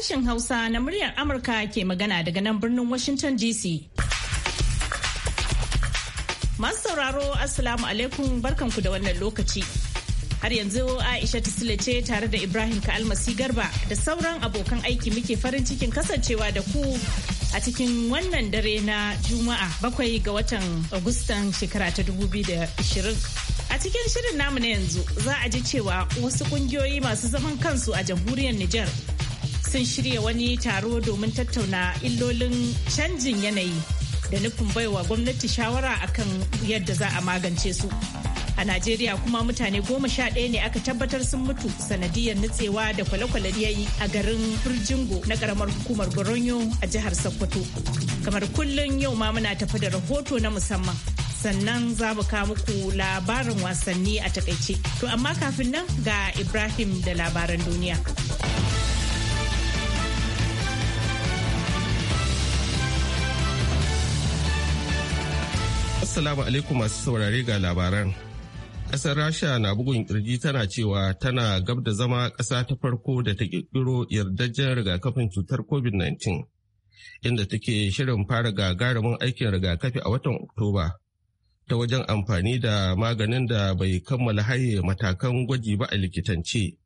sashen Hausa na muryar Amurka ke magana daga nan birnin Washington DC. Masu sauraro Assalamu alaikum barkanku da wannan lokaci. Har yanzu Aisha Tisila ce tare da Ibrahim Ka'almasi Garba da sauran abokan aiki muke farin cikin kasancewa da ku a cikin wannan dare na Juma'a bakwai ga watan Agustan shekara ta 2020. A cikin shirin namu na yanzu za a ji cewa wasu kungiyoyi masu zaman kansu a jamhuriyar Nijar sun shirya wani taro domin tattauna illolin canjin yanayi da nufin baiwa gwamnati shawara akan yadda za a magance su. A Najeriya kuma mutane goma sha ɗaya ne aka tabbatar sun mutu sanadiyar nutsewa da kwale-kwale yayi a garin furjingo na ƙaramar hukumar Goronyo a jihar Sokoto. Kamar kullum yau ma muna tafi da rahoto na musamman. Sannan za mu kawo muku labarin wasanni a takaice. To amma kafin nan ga Ibrahim da labaran duniya. Assalamu alaikum masu saurare ga labaran. Ƙasar Rasha na bugun kirji tana cewa tana gab da zama ƙasa ta farko da ta ƙirƙiro yardajen rigakafin cutar COVID-19, inda take shirin fara gagarumin aikin rigakafi a watan Oktoba. Ta wajen amfani da maganin da bai kammala haye matakan gwaji ba a likitance.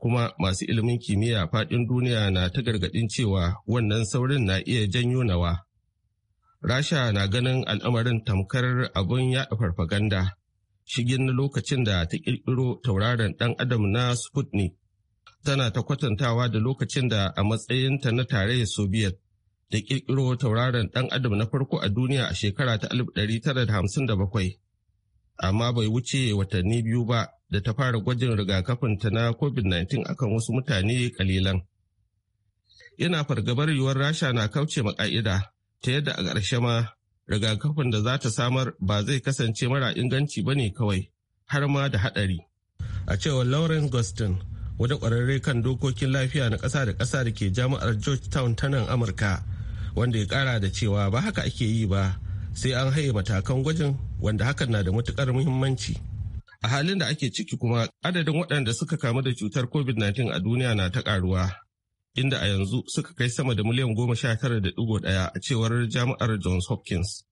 Kuma masu ilimin kimiyya faɗin duniya na ta gargaɗin cewa wannan saurin na iya janyo nawa. Rasha na ganin al'amarin tamkar abun yaɗa farfaganda shigin lokacin da ta ƙirƙiro tauraron ɗan adam na Sputnik. Tana ta kwatantawa da lokacin da a matsayinta na tarayyar Soviet da ƙirƙiro tauraron ɗan adam na farko a duniya a shekara ta 1957. Amma bai wuce watanni biyu ba da ta fara gwajin rigakafinta na covid-19 akan wasu mutane kalilan. Ina fargabar yiwuwar rasha na kauce ƙa'ida ta yadda a ƙarshe ma rigakafin da za ta samar ba zai kasance mara inganci ba ne kawai har ma da haɗari. A cewar Lauren Gustin, wata ƙwararre kan dokokin lafiya na ƙasa da ƙasa da ke jami'ar Georgetown ta nan Amurka, wanda ya ƙara da cewa ba haka ake yi ba sai an haye matakan gwajin wanda hakan na da matuƙar muhimmanci. A halin da ake ciki kuma adadin waɗanda suka kamu da cutar COVID-19 a duniya na ta ƙaruwa. inda a yanzu suka kai sama da miliyan goma sha tara da digo ɗaya a cewar jami'ar Johns Hopkins.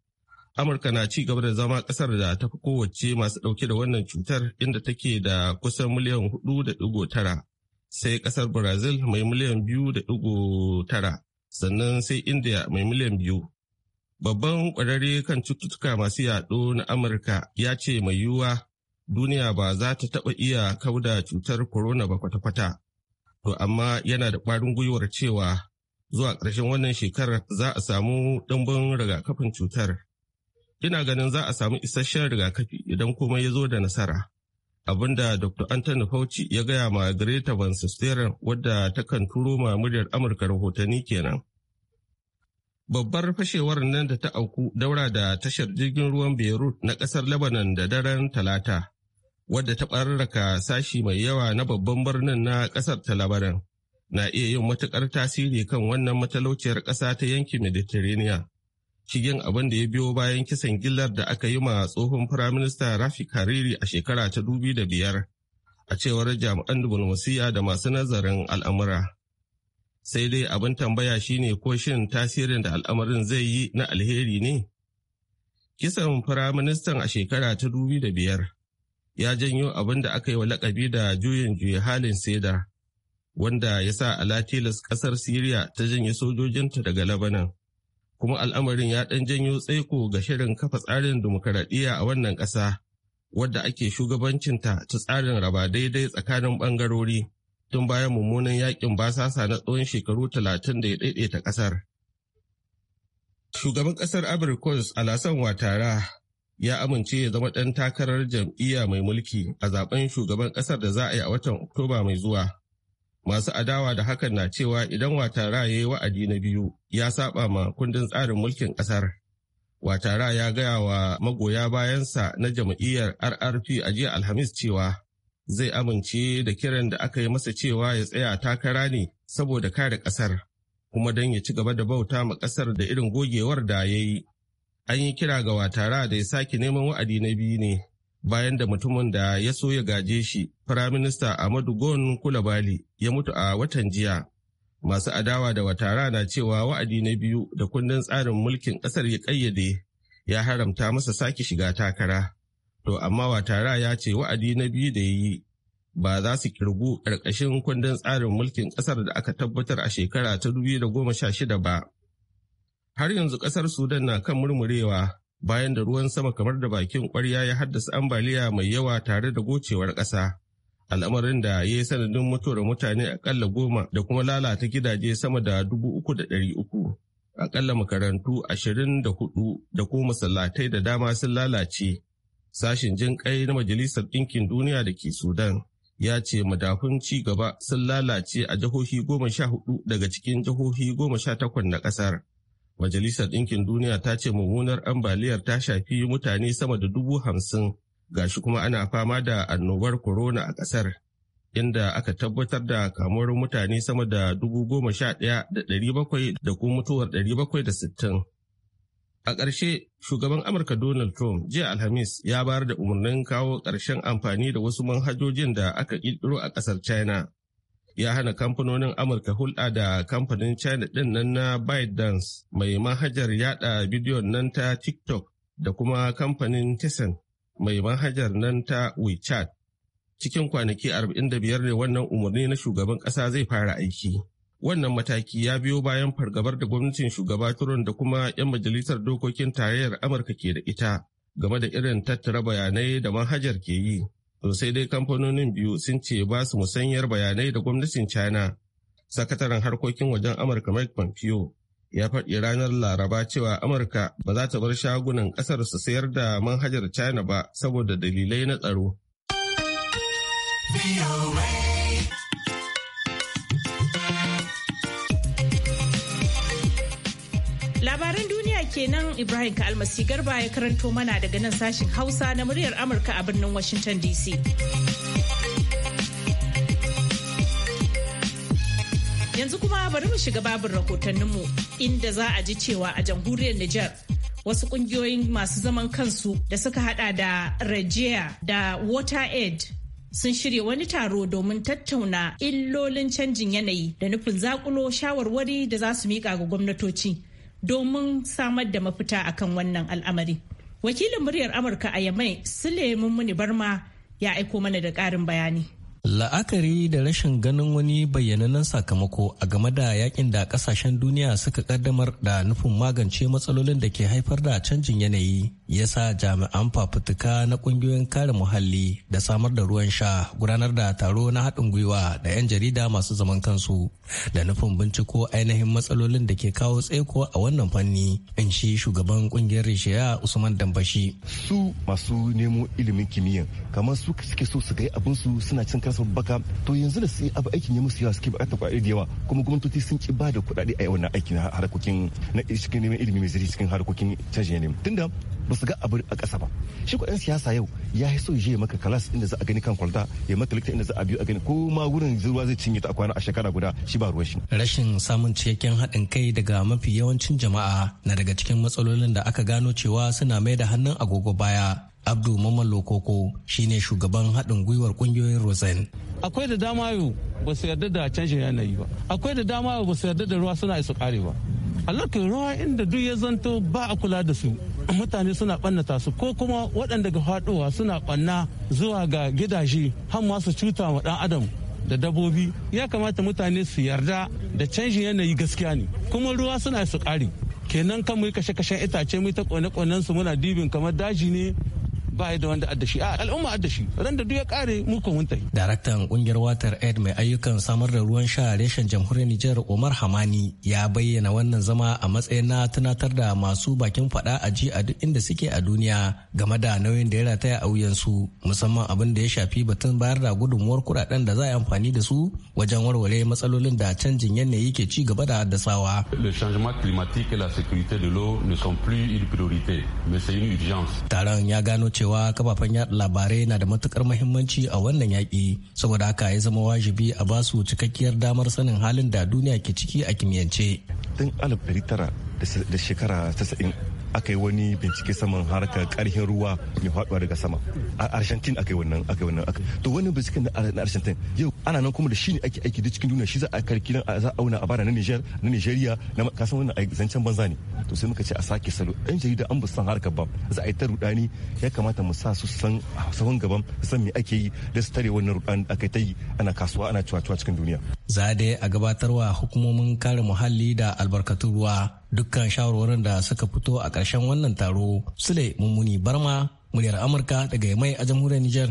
Amurka na ci gaba da zama ƙasar da ta fi kowace masu ɗauke da wannan cutar inda take da kusan miliyan hudu da digo tara. Sai ƙasar Brazil mai miliyan biyu da digo tara. Sannan sai India mai miliyan biyu. Babban kwararre kan cututtuka masu yaɗo na Amurka ya ce mai yiwuwa duniya ba za ta taɓa iya kauda cutar corona ba kwata-kwata. to amma yana da ƙwarin gwiwar cewa zuwa ƙarshen wannan shekarar za a samu ɗumbin rigakafin cutar. Ina ganin za a samu isasshen rigakafi idan kuma ya zo da nasara. Abinda Dr. Anthony Fauci ya gaya ma Greta Van Susteren wadda takan turo ma muryar Amurka rahotanni kenan. Babbar fashewar nan da ta auku daura da tashar jirgin ruwan Beirut na ƙasar Lebanon da daren Talata wadda ta ɓararraka sashi mai yawa na babban birnin na ƙasar ta labaran na iya yin matuƙar tasiri kan wannan matalauciyar ƙasa ta yankin mediterranean shigen abin da ya biyo bayan kisan gillar da aka yi ma tsohon firaminista rafi kariri a shekara ta dubi da biyar a cewar jami'an wasiya da masu nazarin al'amura sai dai abin tambaya shine ko shin tasirin da al'amarin zai yi na alheri ne kisan firaministan a shekara ta dubi da biyar ya janyo abin da aka yi wa lakabi da juyin juya halin seda wanda ya sa alatilas kasar Siriya ta janye sojojinta daga Labanan. Kuma al'amarin ya ɗan janyo tsaiko ga shirin kafa tsarin dimokuraɗiyya a wannan ƙasa, wadda ake shugabancinta ta tsarin raba daidai tsakanin ɓangarori tun bayan mummunan yakin basasa na tsawon shekaru talatin da ya ɗaiɗata ƙasar. Shugaban ƙasar Ivory alasan Alassane Ouattara ya amince ya zama ɗan takarar jam'iyya mai mulki a zaben shugaban ƙasar da za a yi a watan Oktoba mai zuwa. Masu adawa da hakan na cewa idan Watara ya yi wa'adi na biyu ya saba ma kundin tsarin mulkin ƙasar. Watara ya gaya wa magoya bayansa na jam'iyyar RRP a jiya Alhamis cewa zai amince da kiran da aka yi masa cewa ya tsaya takara ne saboda kare ƙasar kuma don ya ci gaba da bauta ma ƙasar da irin gogewar da ya yi an yi kira ga watara da ya sake neman wa'adi na biyu ne bayan da mutumin da ya so ya gaje shi firaminista amadu gon kulabali ya mutu a watan jiya masu adawa da watara na cewa wa'adi na biyu da kundin tsarin mulkin kasar ya kayyade ya haramta masa sake shiga takara to amma watara ya ce wa'adi na biyu da ya yi ba za su kirgu ƙarƙashin kundin tsarin mulkin ƙasar da aka tabbatar a shekara ta 2016 ba har yanzu kasar sudan na kan murmurewa bayan da ruwan sama kamar da bakin kwarya ya haddasa ambaliya mai yawa tare da gocewar ƙasa al'amarin da ya yi sanadin mutuwar mutane akalla goma da kuma lalata gidaje sama da dubu uku da ɗari uku akalla makarantu ashirin da hudu da kuma masallatai da dama sun lalace sashin jin kai na majalisar ɗinkin duniya da ke sudan ya ce madafun ci gaba sun lalace a jihohi goma sha hudu daga cikin jihohi goma sha takwas na ƙasar Majalisar Ɗinkin Duniya ta ce mummunar ambaliyar ta shafi mutane sama da dubu hamsin gashi kuma ana fama da annobar corona a ƙasar, inda aka tabbatar da kamuwar mutane sama da dubu goma sha ɗaya da ɗari bakwai da kuma mutuwar ɗari bakwai da sittin. A ƙarshe, shugaban Amurka Donald Trump jiya Alhamis ya bayar da umarnin kawo ƙarshen amfani da wasu manhajojin da aka ƙirƙiro a ƙasar China ya hana kamfanonin Amurka hulɗa da kamfanin China ɗin nan na ByteDance mai manhajar yada bidiyon nan ta TikTok da kuma kamfanin Tencent mai manhajar nan ta WeChat. Cikin kwanaki 45 ne wannan umarni na shugaban ƙasa zai fara aiki. Wannan mataki ya biyo bayan fargabar da gwamnatin shugaba Trump da kuma 'yan majalisar dokokin tarayyar Amurka ke da ita game da irin tattara bayanai da manhajar ke yi. To sai dai kamfanonin biyu sun ce ba su musanyar bayanai da gwamnatin China. Sakataren harkokin wajen Amurka Mike Pompeo ya faɗi ranar Laraba cewa Amurka ba za ta bar shagunan ƙasar su sayar da manhajar China ba saboda dalilai na tsaro. kenan Ibrahim Kalmasi Garba ya karanto mana daga nan sashin Hausa na muryar Amurka a birnin Washington DC. Yanzu kuma bari mu shiga babin rahotanninmu inda za a ji cewa a jamhuriyar Nijar wasu kungiyoyin masu zaman kansu da suka hada da Rajia da Water Aid sun shirya wani taro domin tattauna illolin canjin yanayi da nufin zakulo shawarwari da za su miƙa ga gwamnatoci. domin samar da mafita akan wannan al'amari. Wakilin muryar Amurka a Yamai Suleiman Muni Barma ya aiko mana da ƙarin bayani. La'akari da rashin ganin wani bayyananan sakamako a game da yakin da kasashen duniya suka kaddamar da nufin magance matsalolin da ke haifar da canjin yanayi ya sa jami'an fafutuka na kungiyoyin kare muhalli da samar da ruwan sha gudanar da taro na haɗin gwiwa da 'yan jarida masu zaman kansu da nufin binciko ainihin matsalolin da ke kawo tsaiko a wannan fanni in shi shugaban kungiyar rishiya usman dambashi su masu nemo ilimin kimiyya kamar su suke so su ga abin su suna cin kasa baka to yanzu da su abu aikin ya musu yawa suke bukatar kuɗaɗe da yawa kuma gwamnatoci sun ki bada da kuɗaɗe a wannan aikin harkokin na cikin neman ilimi mai zirhi cikin harkokin canjin yanayi tunda ba su ga abu a ƙasa ba shi kuɗin siyasa yau ya yi so ya maka kalas inda za a gani kan kwalta ya maka likita inda za a biyu a gani ko ma wurin ruwa zai cinye ta a kwana a shekara guda shi ba ruwan shi rashin samun cikakken haɗin kai daga mafi yawancin jama'a na daga cikin matsalolin da aka gano cewa suna mai da hannun agogo baya abdu mamman lokoko shine shugaban haɗin gwiwar ƙungiyoyin rosen akwai da dama yau ba su yarda da canjin yanayi ba akwai da dama yau ba su yarda da ruwa suna isa ƙare ba a ruwa inda duk ya zanto ba a kula da su mutane suna ɓannata su ko kuma waɗanda ga faɗowa suna ɓanna zuwa ga gidaje har ma su cuta wa ɗan adam da dabbobi ya kamata mutane su yarda da canjin yanayi gaskiya ne kuma ruwa suna isa ƙare kenan kan mu kashe kashen itace mu ta kone ƙonen su muna dibin kamar daji ne ba da wanda adda shi a al'umma adda shi ran da duk ya kare mu ko daraktan kungiyar water aid mai ayyukan samar da ruwan sha reshen jamhuriyar Nijar Omar Hamani ya bayyana wannan zama a matsayin na tunatar da masu bakin fada a ji a duk inda suke a duniya game da nauyin da ya rataya a wuyansu musamman abin da ya shafi batun bayar da gudunmuwar kuɗaɗen da za a yi amfani da su wajen warware matsalolin da canjin yanayi ke ci gaba da haddasawa. Le changement climatique et la sécurité de l'eau ne sont plus une priorité, mais c'est une urgence. Taron ya gano cewa cewa kafafen yada labarai na da matukar muhimmanci a wannan yaƙi saboda haka ya zama wajibi a basu cikakkiyar damar sanin halin da duniya ke ciki a kimiyyance. Tun alif da shekara aka yi wani bincike saman harkar karhin ruwa mai faduwa daga sama a argentine aka yi wannan aka yi wannan to wani bincike na yau ana nan kuma da shi ne ake aiki da cikin duniya shi za a karki nan za a auna a bara na niger na nigeria na kasan wannan zancen banza ne to sai muka ce a sake salo yan jarida an san harkar ba za a yi ta rudani ya kamata mu sa su san sahun gaban san me ake yi da su tare wannan rudani aka ta yi ana kasuwa ana cuwa-cuwa cikin duniya za a a gabatarwa hukumomin kare muhalli da albarkatun ruwa dukkan shawarwarin da suka fito a ƙarshen wannan taro sule mummuni barma muryar amurka daga mai a jamhuriyar nijar.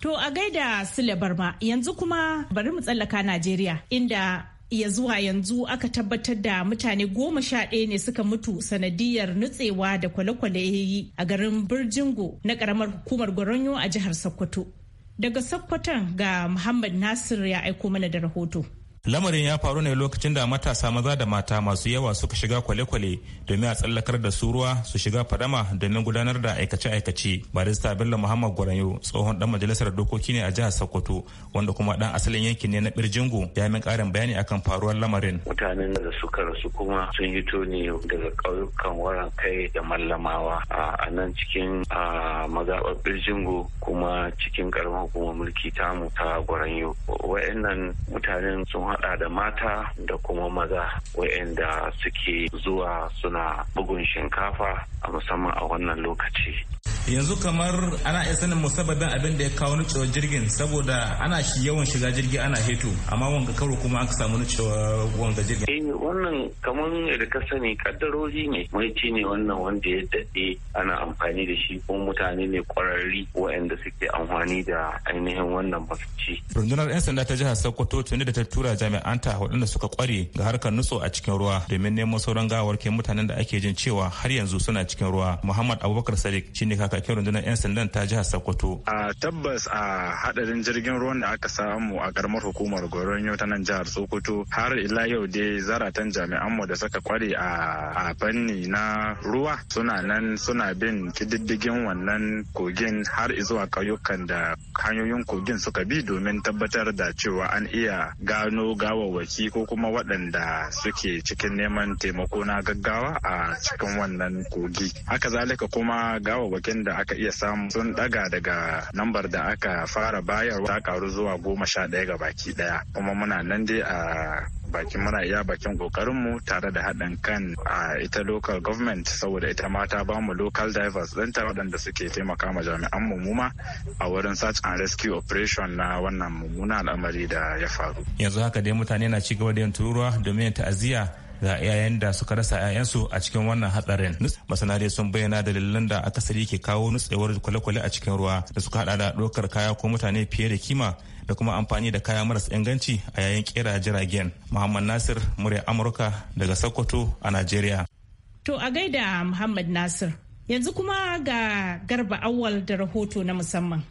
to a gaida sule barma yanzu kuma bari mu tsallaka najeriya inda ya zuwa yanzu aka tabbatar da mutane goma sha ɗaya ne suka mutu sanadiyar nutsewa da kwale-kwale a garin birjingo na ƙaramar hukumar goronyo a jihar sokoto Daga Sokoton ga Muhammad Nasir ya aiko mana da rahoto. lamarin ya faru ne lokacin da matasa maza da mata masu yawa suka shiga kwale-kwale domin a tsallakar da su ruwa su shiga fadama domin gudanar da aikace-aikace barista bello muhammad gwaranyo tsohon dan majalisar dokoki ne a jihar sokoto wanda kuma dan asalin yankin ne na Birjingu, ya min karin bayani akan faruwar lamarin mutanen da suka rasu kuma sun yi ne daga ƙauyukan waran kai da mallamawa a nan cikin mazaɓar Birjingu kuma cikin karamar hukumar mulki tamu ta gwaranyo wa'annan mutanen sun hada da mata da kuma maza waɗanda suke zuwa suna bugun shinkafa a musamman a wannan lokaci yanzu kamar ana iya sanin musabbabin abin da ya kawo ni cewa jirgin saboda ana shi yawan shiga jirgi ana heto amma wanga karo kuma aka samu ni cewa wanga jirgin. Eh, wannan kamar da ka sani kaddarori ne maici ne wannan wanda ya daɗe ana amfani da shi ko mutane ne kwararri waɗanda suke amfani da ainihin wannan mafici. rundunar 'yan sanda ta jihar sokoto tuni da ta tura jami'an ta, waɗanda suka kware ga harkar nutso a cikin ruwa domin neman sauran gawarkin mutanen da ake jin cewa har yanzu suna cikin ruwa muhammad abubakar sadiq shine kaka kakin rundunar 'yan sandan ta jihar Sokoto. A tabbas a hadarin jirgin ruwan da aka samu a karamar hukumar Goronyo ta nan jihar Sokoto har ila yau dai zaratan jami'anmu da suka kware a fanni na ruwa suna nan suna bin kididdigin wannan kogin har zuwa ƙauyukan da hanyoyin kogin suka bi domin tabbatar da cewa an iya gano gawawwaki ko kuma waɗanda suke cikin neman taimako na gaggawa a cikin wannan kogi. Haka zalika kuma gawawwakin da aka iya samu sun daga daga lambar da aka fara bayarwa ta karu zuwa goma sha daya ga baki ɗaya kuma muna nan dai a bakin muna iya bakin mu tare da haɗin kan a ita local government saboda ita ma ta bamu local divers ta waɗanda suke taimaka ma jami'an mummuma a wurin search and rescue operation na wannan mummuna al'amari da ya faru yanzu haka dai mutane na cigaba da yin tururuwa domin ta'aziyya ga yayan da suka rasa 'ya'yansu a cikin wannan hatsarin masana sun bayyana dalilan da akasari ke kawo nutsewar kwale-kwale a cikin ruwa da suka hada da ɗaukar kaya ko mutane fiye da kima da kuma amfani da kaya marasa inganci a yayin kera jiragen muhammad nasir murya amurka daga sokoto a najeriya to a gaida muhammad nasir yanzu kuma ga garba awal da rahoto na musamman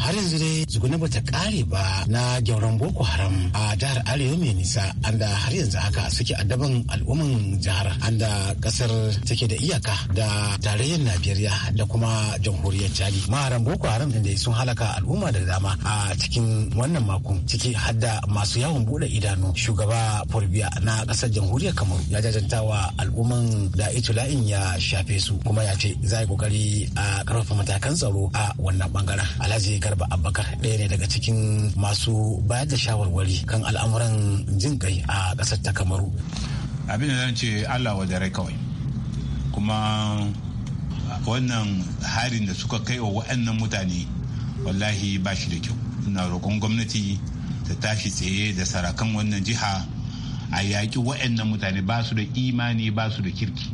har yanzu dai zugune ba ta kare ba na gyauran boko haram a jihar arewa mai nisa anda har yanzu haka suke addaban al'umman jihar anda kasar take da iyaka da tarayyar najeriya da kuma jamhuriyar chadi maharan boko haram din da sun halaka al'umma da dama a cikin wannan makon ciki har da masu yawon bude idanu shugaba fulbiya na kasar jamhuriyar kamaru ya jajanta wa al'umman da itula'in ya shafe su kuma ya ce za yi kokari a karfafa matakan tsaro a wannan bangaren alhaji ba abubakar ɗaya ne daga cikin masu bayar da shawarwari kan al'amuran jin kai a ƙasar ta kamaru abin da zan ce allah wa dare kawai kuma wannan harin da suka kai wa waɗannan mutane wallahi ba shi da kyau ina roƙon gwamnati ta tashi tsaye da sarakan wannan jiha a yaƙi waɗannan mutane ba su da imani ba su da kirki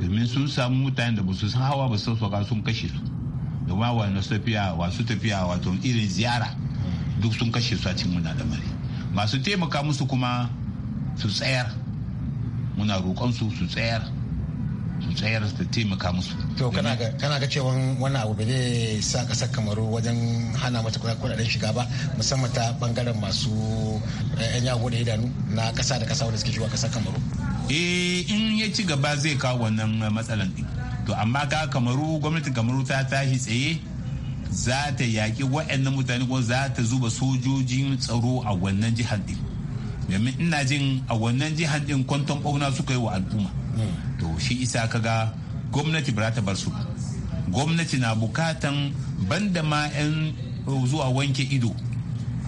domin sun samu mutane da ba su san hawa ba su sauka sun kashe su domin wa wasu tafiya wasu tafiya wato irin ziyara duk sun kashe su a cikin muna da mari masu taimaka musu kuma su tsayar muna roƙon su su tsayar su tsayar su taimaka musu to kana ga cewa wannan abu ba zai sa kasar kamaru wajen hana mata kudaden shiga ba musamman ta bangaren masu yan eh, yago da idanu na kasa da kasa wanda suke shiga kasar kamaru eh in ya ci gaba zai kawo wannan matsalan din to amma ka kamaru gwamnatin kamaru ta tashi tsaye za ta yaƙi waɗannan mutane ko za ta zuba sojojin tsaro a wannan jihar din domin ina jin a wannan jihar ɗin kwanton ɓauna suka yi wa al'umma to shi isa kaga gwamnati ba ta bar su gwamnati na bukatan banda ma 'yan zuwa wanke ido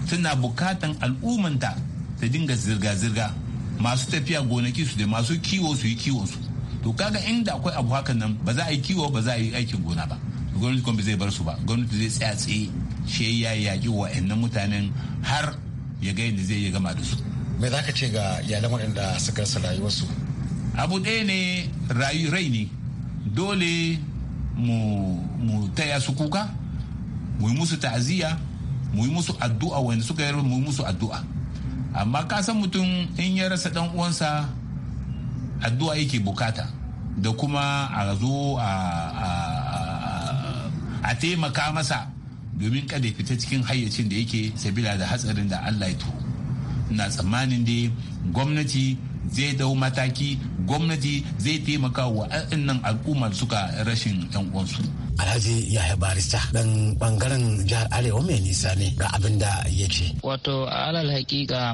tana bukatan al'ummanta ta dinga zirga-zirga masu tafiya gonaki su da masu kiwo su yi kiwonsu to kaga inda akwai abu hakan nan ba za a yi kiwo ba za a yi aikin gona ba gwamnati kuma zai bar su ba gwamnati zai tsaya tsaye shi ya yaƙi wa'annan mutanen har ya ga yadda zai yi gama da su me za ka ce ga iyalan waɗanda suka rasa rayuwarsu abu ɗaya ne rayu rai ne dole mu taya su kuka mu yi musu ta'aziyya mu yi musu addu'a wanda suka yi mu yi musu addu'a amma ka san mutum in ya rasa ɗan uwansa addu'a yake bukata da kuma a zo a taimaka masa domin kada fita cikin hayyacin da yake sabila da hatsarin da allah ya na tsammanin dai gwamnati zai dau mataki gwamnati zai taimaka wa al'umma suka rashin 'yan uwansu. alhaji yahya barista dan bangaren jihar arewa mai nisa ne ga abin da ya ce wato alal hakika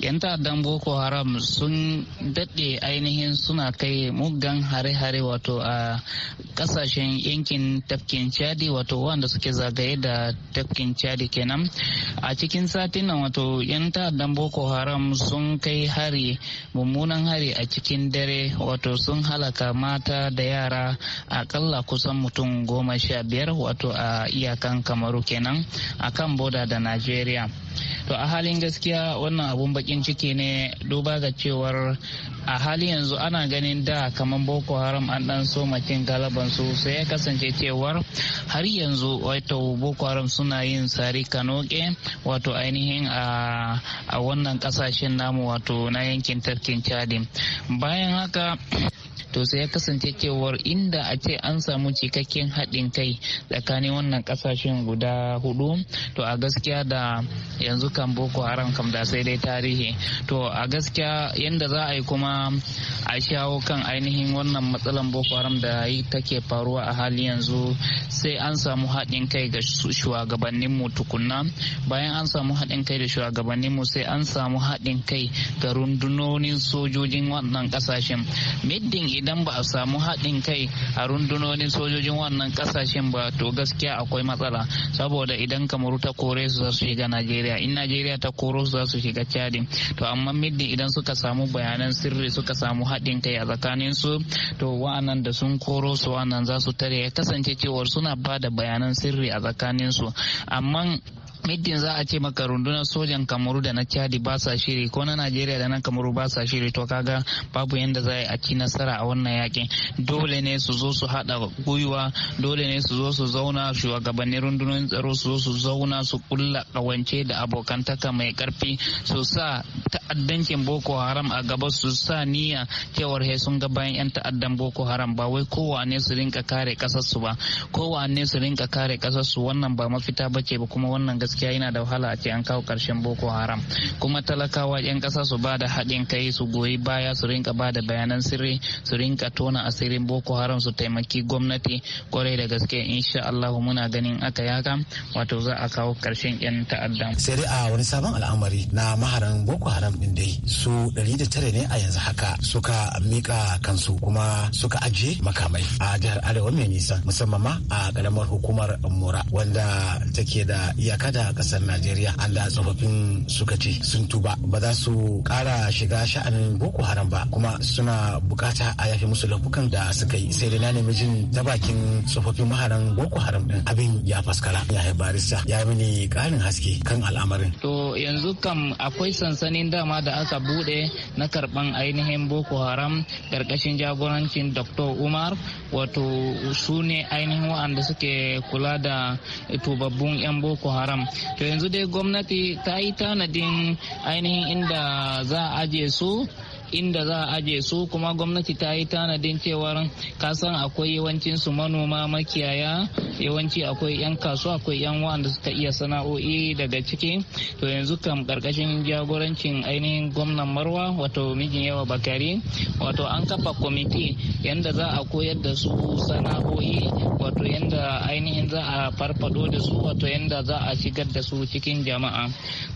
yan ta'addan boko haram sun daɗe ainihin suna kai mugan hare-hare wato a kasashen yankin tafkin chadi wato wanda suke zagaye da tafkin chadi kenan a cikin satin nan wato yan ta'addan boko haram sun kai hari mummunan hari a cikin dare wato sun halaka mata da yara akalla kusan mutum goma goma sha biyar wato a iyakan kamaru kenan a kan boda da nigeria to a halin gaskiya wannan abun bakin ciki ne duba ga cewar a hali yanzu ana ganin da kamar boko haram an dan so makin galaban su sai ya kasance cewar har yanzu wato boko haram suna yin sari kanoke wato ainihin a wannan kasashen namu wato na yankin tarkin chadi bayan haka to sai ya kasance cewar inda a ce an samu cikakken haɗin kai tsakanin wannan kasashen guda hudu to a gaskiya da yanzu kan boko haram kam da sai dai tarihi to a gaskiya yadda za a yi kuma a shawo kan ainihin wannan matsalan boko haram da take faruwa a hali yanzu sai an samu haɗin kai ga shugabanninmu tukunna bayan an samu haɗin kai da shugabanninmu sai an samu haɗin kai ga rundunonin sojojin wannan kasashen middin idan ba a samu haɗin kai a rundunonin sojojin wannan ƙasashen ba to gaskiya akwai matsala saboda idan kamar ta kore su za su shiga najeriya in najeriya ta koro su za su shiga cadi to amma middi idan suka samu bayanan sirri suka samu haɗin kai a tsakanin su to wa'annan da sun koro su wa'annan za su tare ya kasance cewar suna ba da bayanan sirri a tsakanin su amma middin za a ce maka rundunar sojan kamaru da na chadi ba sa shiri ko na najeriya da na kamaru ba sa shiri to kaga babu yadda za a ci nasara a wannan yakin dole ne su zo su hada gwiwa dole ne su zo su zauna shugabannin rundunar tsaro su zo su zauna su kulla kawance da abokantaka mai karfi su sa ta'addancin boko haram a gaba su sa niyya cewar he sun ga bayan yan ta'addan boko haram ba wai kowane su rinka kare su ba kowane su rinka kare su wannan ba mafita bace ba kuma wannan gaskiya gaskiya yana da wahala a ce an kawo karshen boko haram kuma talakawa yan kasa su ba da haɗin kai su goyi baya su rinka ba da bayanan sirri su rinka tona asirin boko haram su taimaki gwamnati kwarai da gaske insha Allah muna ganin aka yaka wato za a kawo karshen yan ta'adda sai dai a wani sabon al'amari na maharan boko haram din dai su 109 ne a yanzu haka suka mika kansu kuma suka ajiye makamai a jihar arewa mai nisa musamman ma a karamar hukumar mura wanda take da iyaka da a kasar najeriya da tsofaffin suka ce sun tuba ba za su kara shiga sha'anin boko haram ba kuma suna bukata a yafi musu laifukan da suka yi sai da na nemi jin ta bakin tsofaffin maharan boko haram din abin ya faskara ya yi barista ya mini karin haske kan al'amarin to yanzu kam akwai sansanin dama da aka bude na karban ainihin boko haram karkashin jagorancin dr umar wato su ne ainihin waɗanda suke kula da tubabbun 'yan boko haram to yanzu dai gwamnati ta yi tanadin ainihin inda za a aje su inda za a aje su kuma gwamnati ta yi tanadin cewar kasan akwai yawancin su manoma makiyaya yawanci akwai 'yan kasuwa akwai 'yan wanda suka iya sana'o'i daga ciki to yanzu kam karkashin jagorancin ainihin gwamnan marwa wato mijin yawa bakari wato an kafa kwamiti yanda za a koyar da su sana'o'i wato yanda ainihin za a farfado da su wato yanda za a shigar da su cikin jama'a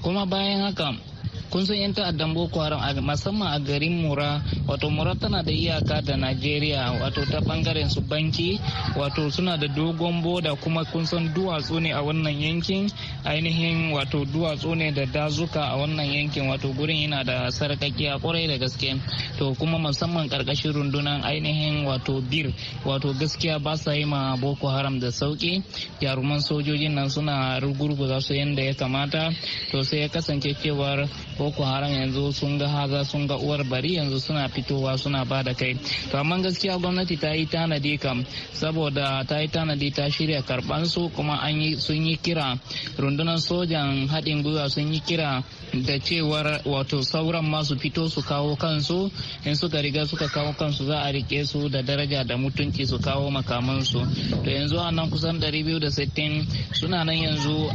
kuma bayan haka kun san 'yan ta'addan boko haram musamman a garin mura wato mura tana da iyaka da nigeria wato ta bangaren su banki wato suna da dogon boda kuma kun san duwatsu ne a wannan yankin ainihin wato duwatsu ne da dazuka a wannan yankin wato gurin yana da sarkakiya kwarai da gaske to kuma musamman karkashin rundunan ainihin wato bir wato gaskiya ba sa yi ma boko haram da sauki jaruman sojojin nan suna rugurguza su yadda ya kamata to sai ya kasance cewar boko haram yanzu sun ga haza sun ga uwar bari yanzu suna fitowa suna ba da kai to amma gaskiya gwamnati ta yi tanadi kam saboda ta yi tanadi ta shirya karban su kuma an yi sun yi kira rundunar sojan haɗin gwiwa sun yi kira da cewar wato sauran masu fito su kawo kansu in suka riga suka kawo kansu za a rike su da daraja da mutunci su kawo makamansu to yanzu a nan kusan 260 suna nan yanzu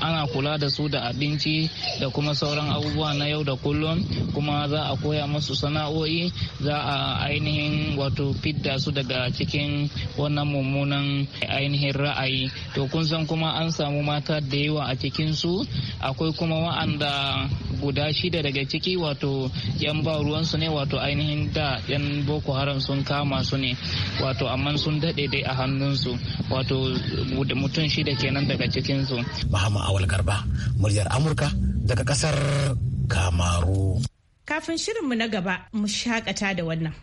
ana kula da su da abinci da kuma sauran abubuwa na yau da kullum kuma za a koya masu sana'o'i za a ainihin wato fidda su daga cikin wannan mummunan ainihin ra'ayi to kun san kuma an samu mata da yawa a cikinsu akwai kuma wa'anda guda shida daga ciki wato yan ba ruwansu ne wato ainihin da yan boko haram sun kama su ne wato amma sun daɗe dai a hannunsu wato mutum shida kenan daga cikinsu. Mahama Awal Garba, muryar Amurka daga kasar Kamaru. Kafin shirinmu na gaba mu shakata da wannan.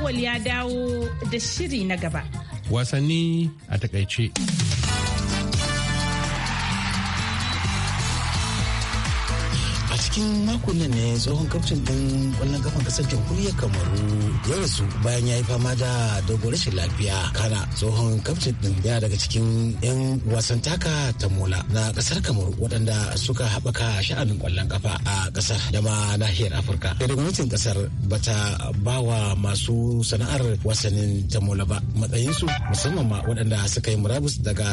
Awal ya dawo da shiri na gaba. Wasanni a takaice. cikin makonnan ne tsohon kaftin din kwallon kafan kasar jamhuriyar kamaru ya rasu bayan ya yi fama da dogon rashin lafiya kana tsohon kaftin din ya daga cikin yan wasan taka ta mola na kasar kamaru waɗanda suka haɓaka sha'anin kwallon kafa a kasar da ma nahiyar afirka daga gwamnatin kasar bata ba wa masu sana'ar wasannin ta mola ba matsayinsu musamman ma waɗanda suka yi murabus daga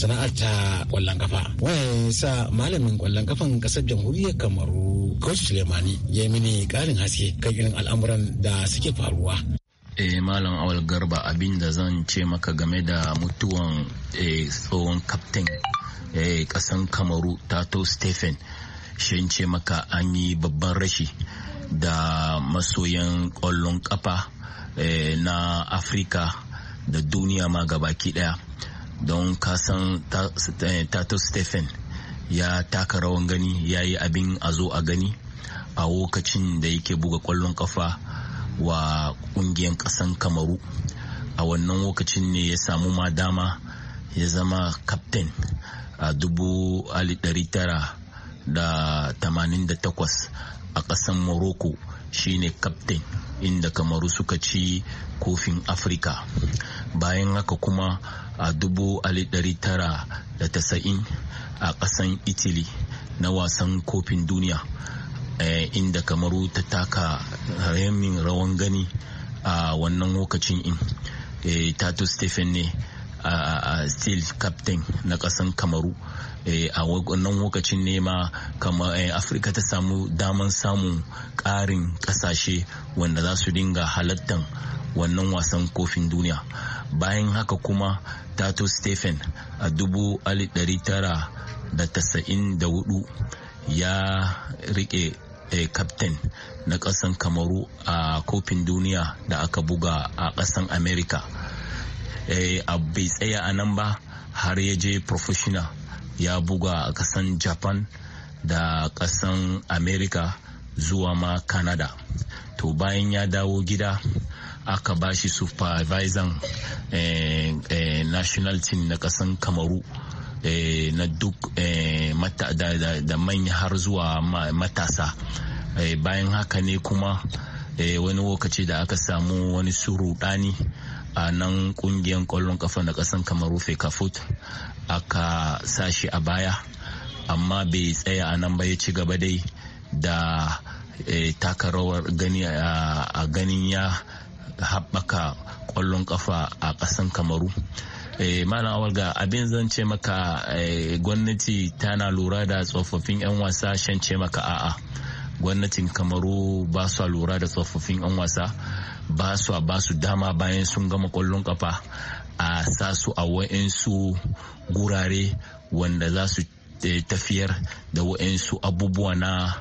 sana'ar ta kwallon kafa wayan sa malamin kwallon kafan kasar jamhuriyar kamaru coach sulemani ya mini karin haske kan irin al'amuran da suke faruwa e malam awal garba abin da zan ce maka game da mutuwan eh, tsohon kaftin kasan eh, kamaru tato stephen shi ce maka an yi babban rashi da masoyan kwallon kafa na afirka da duniya ma gabaki daya don kasan tato stephen ya taka rawan gani ya yi abin a zo a gani a lokacin da yake buga kwallon kafa wa kungiyar kasan kamaru a wannan lokacin ne ya samu ma dama ya zama kaftin a dubu da tamanin da takwas a kasan morocco shine kaftin inda kamaru suka ci kofin afirka bayan haka kuma a dubu da tasa'in a ƙasan italy na wasan kofin duniya eh, inda kamaru ta taka ramin rawan gani a wannan lokacin in eh, tato stephen ne a steel captain na ƙasan kamaru eh, a wannan lokacin ne ma afirka ta samu daman samun ƙarin ƙasashe wanda za su dinga halattan wannan wasan kofin duniya bayan haka kuma tato stephen a dubu da tasa'in da hudu ya rike kaftin eh, na kasan kamaru a kofin duniya da aka buga a kasan america eh, a bai tsaya a nan ba har ya je professional ya buga a kasan japan da kasan america zuwa ma canada to bayan ya dawo gida aka bashi shi supervisor eh, national team na kasan kamaru Eh, na duk eh, da manya har zuwa matasa eh, bayan haka ne kuma wani lokaci da aka samu wani surudani a nan kungiyar kwallon kafa na kasan kamaru fekafut aka sashi a baya amma bai tsaya a nan ba ya ci gaba dai da taka rawar gani a ganin ya haɓaka kwallon kafa a ƙasan kamaru Eh, malam awal ga abin zan ce maka eh, gwamnati tana lura da tsofaffin 'yan wasa shan ce maka a'a gwamnatin kamaru ba su lura da tsofaffin 'yan wasa ba su ba su dama bayan sun gama kwallon kafa a sa su a wa'insu gurare wanda za su eh, tafiyar da wa'insu abubuwa na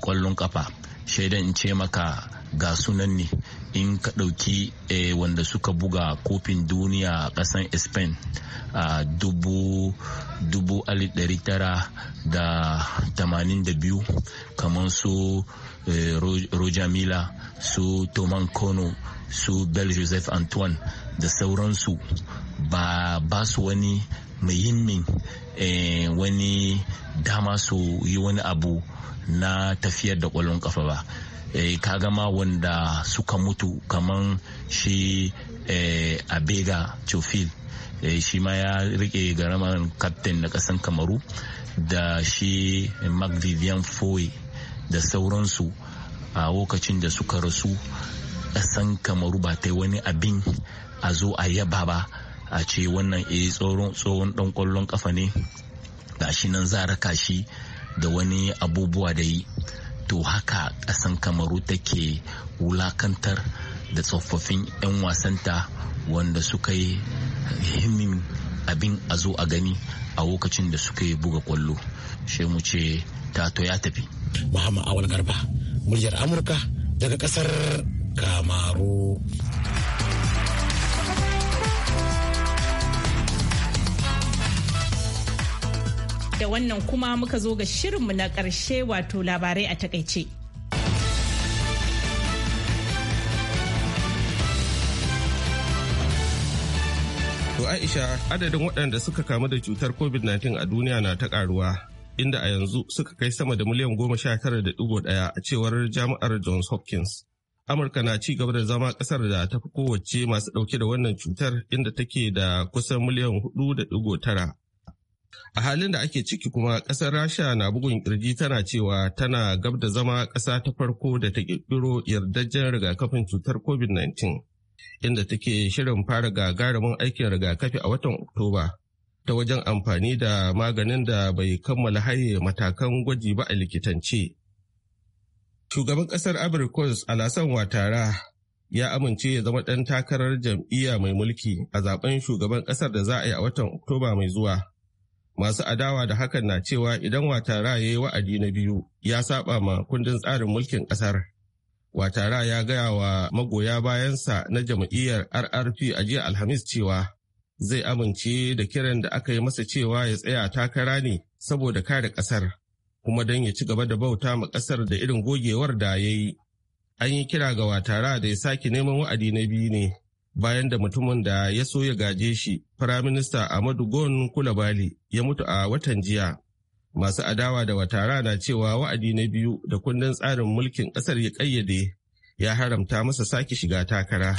kwallon kafa shaidan in ce maka ga sunan ne in ka ɗauki eh, wanda suka buga kofin duniya a ƙasan spain a dubu tara da tamanin da biyu kamar su eh, roger mila su toman kono su bel joseph antoine da sauransu ba ba su wani muhimmin eh, wani dama su yi wani abu na tafiyar da ƙwallon ƙafa ba Eh, ka gama wanda suka mutu kaman shi eh, abega chofil eh, shi ma ya rike garaman kaftin na kasan kamaru da shi mark vivian foy da sauransu a lokacin da suka rasu kasan kamaru ba ta wani abin a zo a yaba ba a ce wannan e tsohon dan kwallon kafa ne shi nan za raka shi da wani abubuwa da yi to haka ƙasan kamaru take wulakantar da tsofaffin 'yan wasanta wanda suka yi himmin abin a zo a gani a lokacin da suka yi buga kwallo shi mu ce tato ya tafi muhammad awal garba muryar amurka daga ƙasar kamaru Da wannan kuma muka zo ga shirinmu na ƙarshe wato labarai a takaice. To Aisha adadin waɗanda suka kamu da cutar COVID-19 a duniya na ta ƙaruwa inda a yanzu suka kai sama da miliyan goma sha tara da ɗigo ɗaya a cewar jami'ar Johns Hopkins. Amurka na ci gaba da zama ƙasar da ta fi kowace masu ɗauke da wannan cutar inda take da kusan miliyan hudu da ɗigo tara a halin da ake ciki kuma kasar rasha na bugun kirji tana cewa tana gab da zama kasa ta farko da ta kirkiro yardajjen rigakafin cutar covid-19 inda take shirin fara gagarumin aikin rigakafi a watan oktoba ta wajen amfani da maganin da bai kammala haye matakan gwaji ba a likitance shugaban kasar abirikos alasan watara ya amince ya zama ɗan takarar jam'iyya mai mulki a zaben shugaban ƙasar da za a yi a watan oktoba mai zuwa Masu adawa da hakan na cewa idan Watara ya yi wa'adi na biyu ya saba ma kundin tsarin mulkin ƙasar. Watara ya gaya wa magoya bayansa na jam'iyyar RRP a jiya Alhamis cewa zai amince da kiran da aka yi masa cewa ya tsaya takara ne saboda kare ƙasar kuma don ya ci gaba da bauta ma ƙasar da irin gogewar da ya yi. An yi kira ga Watara da ya sake neman wa'adi na biyu ne bayan da mutumin da ya so ya gaje shi firaminista Amadu Gon Kulabali ya mutu a watan jiya. Masu adawa da watara na cewa wa'adi na biyu da kundin tsarin mulkin ƙasar ya kayyade ya haramta masa sake shiga takara.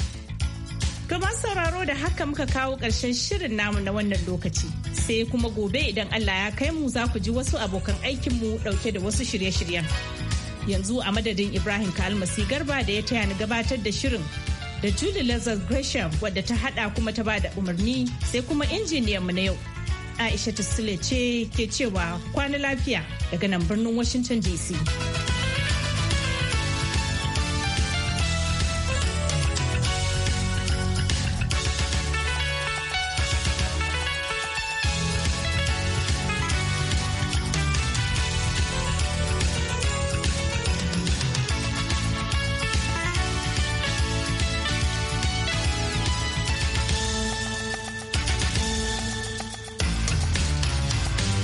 kamar sauraro da haka muka kawo ƙarshen shirin namu na wannan lokaci. Sai kuma gobe idan Allah ya kai mu za ku ji wasu abokan aikinmu ɗauke da wasu shirye-shiryen. Yanzu a madadin Ibrahim Kalmasi Garba da ya taya ni gabatar da shirin da Julie Lazar Gresham wadda ta hada kuma ta bada umarni sai kuma mu na yau. Aisha Sule ce ke cewa kwana lafiya daga nan birnin Washington DC.